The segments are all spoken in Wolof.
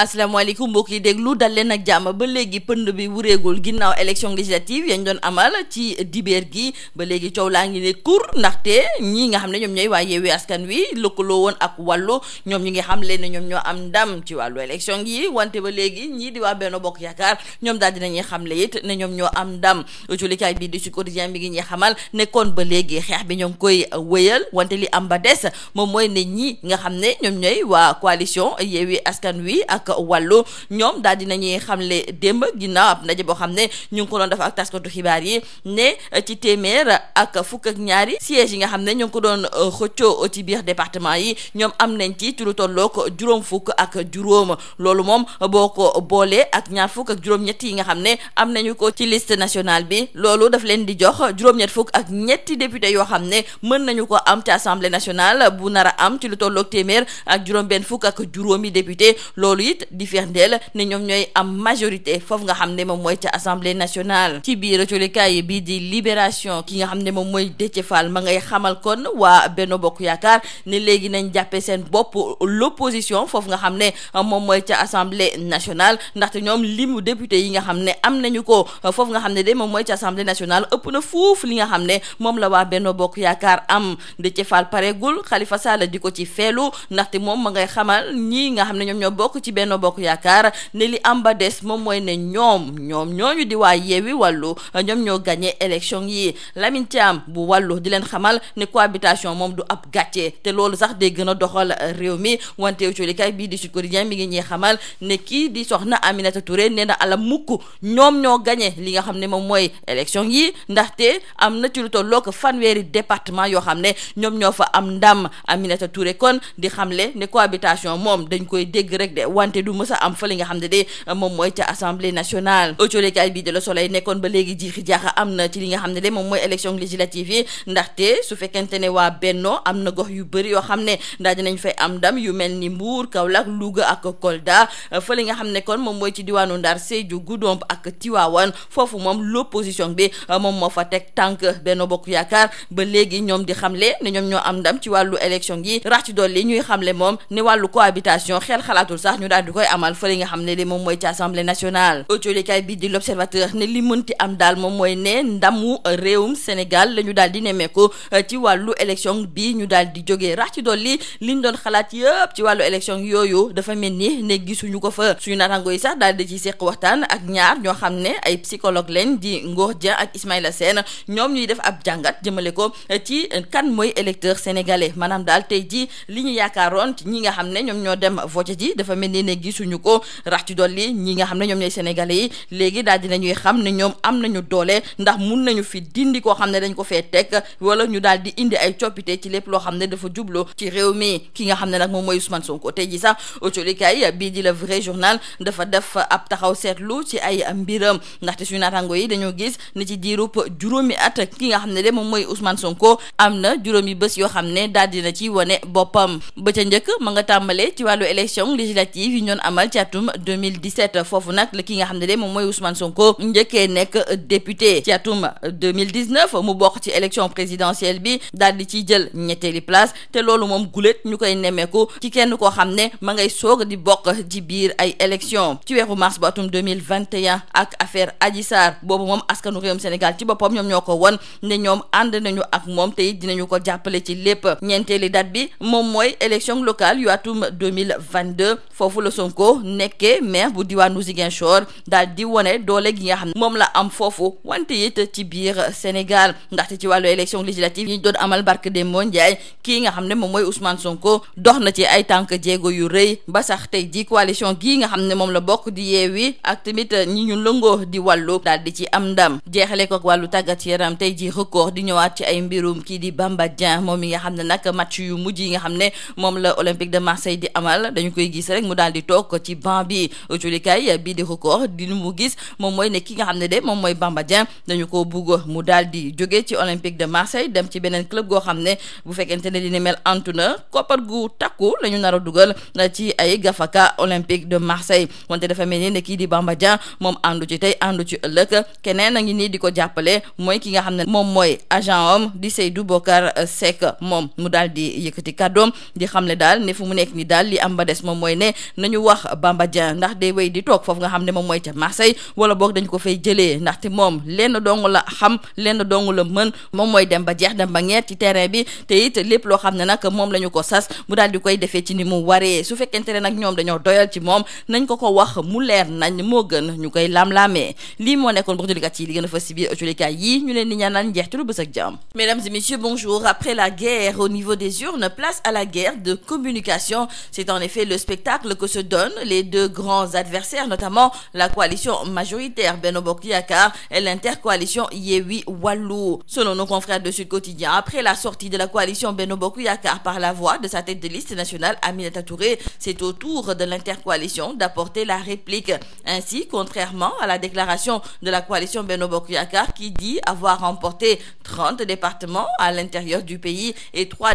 asalaamaaleykum mbokk yi déglu dal leen ak jàmm ba léegi pënd bi wuréegul ginnaaw élection législative yañ doon amal ci dibeer gi ba léegi coow laa ngi ne kur ndaxte ñii nga xam ne ñoom ñooy waa askan wi lëkkaloo ak wàllu ñoom ñi nga xam leen ne ñoom ñoo am ndam ci wàllu élection yi wante ba léegi ñii di waa Benno Bokk Yaakaar ñoom daal dinañuy xamle it ne ñoom ñoo am ndam julikaay bi di Sud Quotidien bi ngi ñuy xamal ne kon ba léegi xeex bi ñoo ngi koy wéyal wante li am ba des moom mooy ne ñii nga xam ne ñoom ñooy waa coalition yeewi askan wi ak ak wàllu ñoom daal dinañuy xamle démb ginnaaw ab ndaje boo xam ne ñu ngi ko doon def ak taskatu xibaar yi ne ci téeméer ak fukk ak ñaari sièges yi nga xam ne ñu ngi ko doon euh, xëccoo ci biir département yi ñoom am nañ ci ci lu tollook juróom fukk ak juróom loolu moom boo ko boolee ak ñaar fukk ak juróom yi nga xam ne am nañu ko ci liste national bi loolu daf leen di jox juróom-ñett fukk ak ñetti député yoo xam ne mën nañu ko am ci assemblée national bu nar am ci lu tollook téeméer ak juróom-benn fukk ak juróomi député loolu it it di firndeel ne ñoom ñooy am majorité foofu nga xam ne moom mooy ca assemblée nationale ci biir colikaayi bii di libération ki nga xam ne moom mooy Déthié Fall ma ngay xamal kon waa Benno Bokk Yaakaar ne léegi nañ jàppee seen bopp l'opposition foofu nga xam ne moom mooy ca assemblée nationale ndaxte ñoom limu député yi nga xam ne am nañu ko foofu nga xam ne de moom mooy ci assemblée nationale ëpp na fuuf li nga xam ne moom la waa Benno Bokk Yaakaar am Déthié Fall paregul Khalifa Sall di ko ci feelu ndaxte moom ma ngay xamal ñi nga xam Benno Bokk Yaakaar ne li am ba des moom mooy ne ñoom ñoom ñooñu di waa Yewwi Wàllu ñoom ñoo gagné élection yi Lamine Thiam bu wàllu di leen xamal ne cohabitation moom du ab gàcce te loolu sax day gën a doxal réew mi wante colikay bii di Sud Quotidien mi ngi ñuy xamal ne kii di soxna Aminata Touré nee na ala mukk ñoom ñoo gagné li nga xam ne moom mooy élection yi ndaxte am na ci lu tolloo ko fanweeri département yoo xam ne ñoom ñoo fa am ndam Aminata Touré kon di xamle ne cohabitation moom dañ koy dégg rek de wante du mës a am fële nga xam ne de moom mooy ca assemblée nationale autolekaay bii de Le Soleil nekkoon ba léegi jiixi jaaxa am na ci li nga xam ne de moom mooy élection législative yi ndaxte su fekkente ne waa Benno am na gox yu bëri yoo xam ne ndaa dinañ fay am ndam yu mel ni Mbour Kaolack Louga ak Kolda fële nga xam ne kon moom mooy ci diwaanu Ndar Sédhiou Goudomp ak Tivaouane foofu moom l'opposition bi moom moo fa teg tànk benn Bokk Yaakaar ba léegi ñoom di xam le ne ñoom ñoo am ndam ci wàllu élection yi rax ci dolli ñuy xamle moom ne wàllu cohabitation xel xalaatul sax ñu daal daal di koy amal fële nga xam ne li moom mooy ci assemblée nationale autolikaay bi di l'observateur ne li mënti am daal moom mooy ne ndamu réewum Sénégal la ñu daal di nemmeeku euh, ci wàllu élection bi ñu daal di jógee rax ci dolli liñ doon xalaat yëpp ci wàllu élection yooyu dafa mel ni ne gisuñu ko fa suñu naataango yi sax daal di ci seq waxtaan ak ñaar ñoo xam ne ay psychologue leen di Ngor Dia ak Ismaïla Sène ñoom ñuy def ab jàngat jëmale ko euh, ci kan mooy électeur ñoo dem voté ji dafa mel ni léegi gisuñu ko rax ci dolli ñi nga xam ne ñoom ñooy sénégalais yi léegi daal nañuy xam ne ñoom am nañu doole ndax mun nañu fi dindi koo xam ne dañ ko fee teg wala ñu daal di indi ay coppite ci lépp loo xam ne dafa jublu ci réew mi ki nga xam ne nag moom mooy Ousmane Sonko tey ji sax autolikaay bii di le vrai journal dafa def ab taxaw seetlu ci ay mbiram ndaxte suñu naataango yi dañoo gis ni ci diirub juróomi at ki nga xam ne de moom mooy usman Sonko am na juróom juróomi bës yoo xam ne daal na ci wane boppam ba njëkk ma nga tàmbalee ci wàllu élection législative yu ñoon amal ci atum 2017 foofu nag la ki nga xam ne de moom mooy Ousmane Sonko njëkkee nekk député ci atum 2019 mu bokk ci élection présidentielle bi daal di ciy jël ñetteeli place te loolu moom guléet ñu koy nemmeeku ci kenn koo xam ne ma ngay soog di bokk ci biir ay élection ci weeru mars bu atum 2021 ak affaire Adji Sarr boobu moom askanu réewum Sénégal ci boppam ñoom ñoo ko won ne ñoom ànd nañu ak moom te it dinañu ko jàppale ci lépp ñeenteeli date bi moom mooy élection locale yu atum 2022 la Sonko nekkee maire bu diwaanu Ziguinchor daal di wane doole gi nga xam ne moom la am foofu wante it ci biir Sénégal ndaxte ci wàllu élection législative yi ñu doon amal barke Demba Ndiaye kii nga xam ne moom mooy Ousmane Sonko dox na ci ay tànk jéego yu rëy ba sax tey ji coalition gii nga xam ne moom la bokk di yeewi ak tamit ñi ñu lëngoo di wàllu dal di ci am ndam jeexale ko ak wàllu tàggat yaram tey ji record di ñëwaat ci ay mbirum kii di Bamba Dieng moom mi nga xam ne nag match yu mujj yi nga xam ne moom la Olympique de Marseille di amal dañu di toog ci banc bi julikaay bii di record di nu mu gis moom mooy ne ki nga xam ne de moom mooy Bamba Dieng dañu ko bugg mu daal di jóge ci Olympique de Marseille dem ci beneen club goo xam ne bu fekkente ne dina mel antu na koppar gu takku la ñu nar a dugal ci ay gafaka Olympique de Marseille wante dafa mel ni kii di Bamba Dieng moom àndu ci tey àndu ci ëllëg keneen a ngi nii di ko jàppale mooy ki nga xam ne moom mooy agent om di Seydou Bokar Seck moom mu daal di yëkkati kaddoom di xam ne daal ne fu mu nekk ni daal li am ba des moom mooy ne nañu wax Bamba Dieng ndax day wéy moom mooy dem ba jeex dem ba ñeet ci terrain bi te it loo xam ne nag moom la ko sas mu daal di koy defee ci ni mu waree su fekkente ne nag ñoom dañoo doyal ci moom nañ ko ko wax mu leer nañ moo gën ñu koy lam-laamee lii moo nekkoon bokk jullikat yi li gën a fës ci biir jullikat yi ñu leen di ñaanal njeextalu bës ak jàmm Mesdames et messieurs, bonjour. Après la guerre au niveau des urnes, place à la guerre de communication. C'est en se donnent les deux grands adversaires, notamment la coalition majoritaire Benno Bokk Yakaar et l'intercoalition Yewwi Wallu. Selon nos confrères de Sud Quotidien, après la sortie de la coalition Benno Bokk Yakaar par la voix de sa tête de liste nationale Aminata Touré, c'est au de l'intercoalition d'apporter la réplique. Ainsi, contrairement à la déclaration de la coalition Benno Bokk qui dit avoir remporté départements à l'intérieur du pays et 3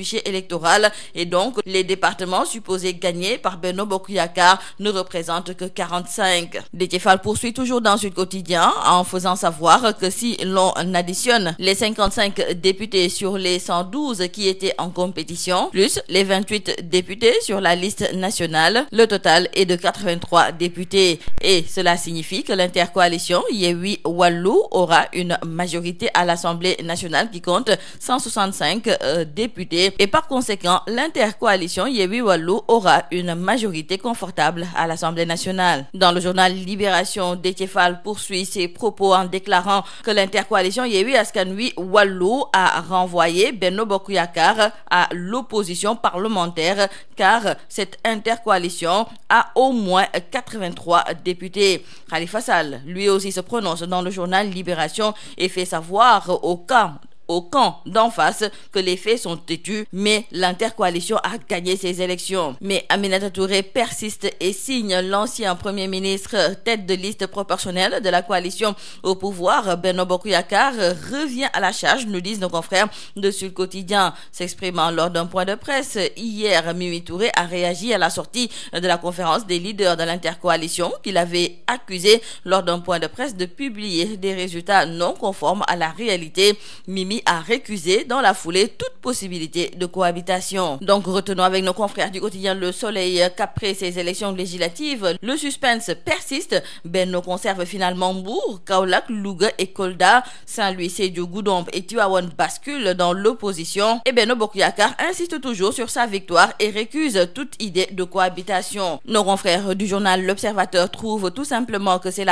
fichier électoral et donc les départements supposés gagnés par Benno Bokk Yakaar ne représentent que 45. Déthié Fall poursuit toujours dans Sud Quotidien les 55 députés sur les 112 qui étaient la liste nationale, le de 83 députés et cela signifie que l'intercoalition Yewwi Wallu aura février et par conséquent l'intercoalition Yewwi Wallu aura une majorité confortable à l'Assemblée le journal Libération, Déthié Fall poursuit ses propos en Askan Wi Wallu a renvoyé Benno Bokk Yakaar à l'opposition parlementaire car cette intercoalition a au moins 83 députés. Khalifa Sall, lui aussi, se prononce dans le journal Libération au camp d'en face que les faits sont têtus, mais l'intercoalition a gagné ces élections. Mais Aminata Touré persiste et signe l'ancien Premier ministre tête de liste proportionnelle de la coalition au pouvoir, Benno Bokk revient à la charge, nous disent nos confrères de Sud Quotidien. S'exprimant lors d'un point de presse hier, Mimi Touré a réagi à la sortie de la conférence des leaders de l'intercoalition qu'il avait accusé lors d'un point de des résultats pays a récusé dans la foulée toute possibilité de cohabitation. Donc retenons avec nos confrères du quotidien Le Soleil qu'après ces élections législatives, le suspense persiste. Benno conserve finalement Mbour, Kaolack, Louga et Kolda, Saint-Louis, Sédiou, Goudomp et Tivaouane basculent dans l'opposition et Benno Bokk Yakaar insiste toujours sur sa victoire et récuse toute idée de cohabitation. Nos confrères du journal L'Observateur trouvent tout simplement que c'est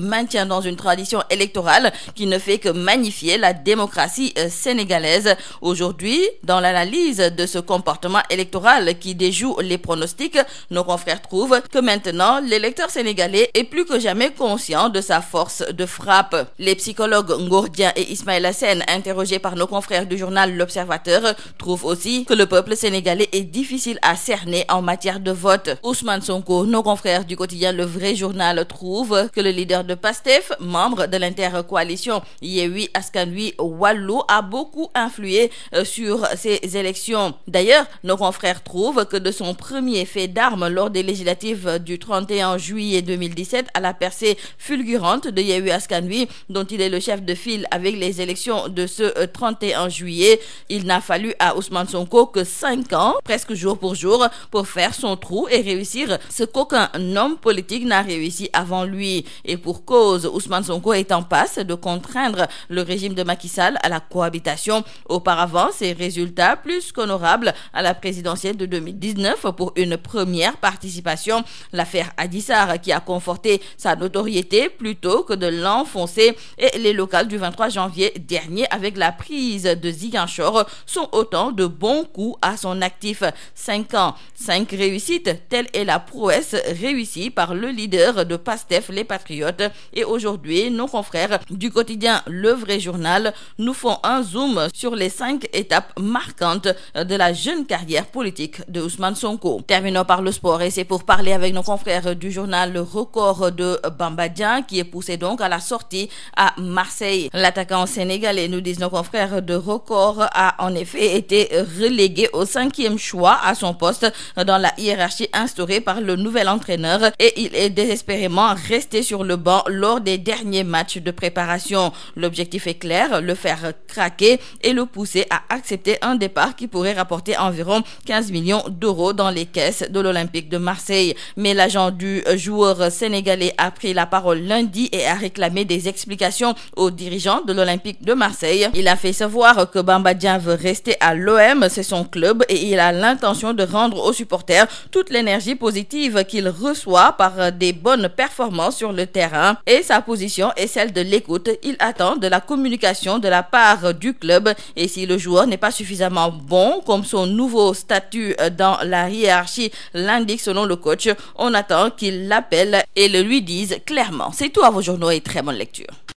maintient dans une tradition électorale qui ne fait que magnifier la démocratie euh, sénégalaise. Aujourd'hui, dans l'analyse de ce comportement électoral qui déjoue les pronostics, nos confrères trouvent que maintenant, l'électeur sénégalais est plus que jamais conscient de sa force de frappe. Les psychologues Ngourdien et Ismaël Hassen, interrogés par nos confrères du journal L'Observateur, trouvent aussi que le peuple sénégalais est difficile à cerner en matière de vote. Ousmane Sonko, de Pastef, membre de l'intercoalition Yewwi Askan Wi Wallu, a beaucoup influé euh, sur ces élections. D'ailleurs, nos confrères trouvent que de son premier fait d'armes lors des législatives du 31 juillet 2017 à la percée fulgurante de Yewwi Askan Wi, dont il est le chef de file avec les élections de ce 31 euh, juillet, il n'a fallu à Ousmane Sonko que cinq ans, presque jour pour jour, pour faire son trou et réussir ce qu'aucun homme politique n'a réussi avant lui. pour cause. Ousmane Sonko est en passe de contraindre le régime de Macky Sall à la cohabitation. Auparavant, ses résultats plus qu'honorables à la présidentielle de 2019 pour une première participation. L'affaire Adissar qui a conforté sa notoriété plutôt que de l'enfoncer et les locales du 23 janvier dernier avec la prise de Ziguinchor sont autant de bons coups à son actif. Cinq ans, cinq réussites, telle est la prouesse réussie par le leader de PASTEF, les Patriotes, patriotes. Et aujourd'hui, nos confrères du quotidien Le Vrai Journal nous font un zoom sur les cinq étapes marquantes de la jeune carrière politique de Ousmane Sonko. Terminons par le sport et c'est pour parler avec nos confrères du journal Le Record de Bambadien qui est poussé donc à la sortie à Marseille. L'attaquant sénégalais, nous disent nos confrères de Record, a en effet été relégué au cinquième choix à son poste dans la hiérarchie instaurée par le nouvel banc lors des derniers matchs de préparation. L'objectif est clair, le faire craquer et le pousser à accepter un départ qui pourrait rapporter environ 15 millions d'euros dans les caisses de l'Olympique de Marseille. Mais l'agent du joueur sénégalais a pris la parole lundi et a réclamé des explications aux dirigeants de l'Olympique de Marseille. Il a fait savoir que Bamba veut rester à l'OM, c'est son club et il a l'intention de rendre aux supporters toute l'énergie positive par des le terrain. 1 et sa position est celle de l'écoute. Il attend de la communication de la part du club et si le joueur n'est pas suffisamment bon comme son nouveau statut euh, dans la hiérarchie l'indique selon le coach, on attend qu'il l'appelle et le lui dise clairement. C'est tout à vos journaux et très bonne lecture.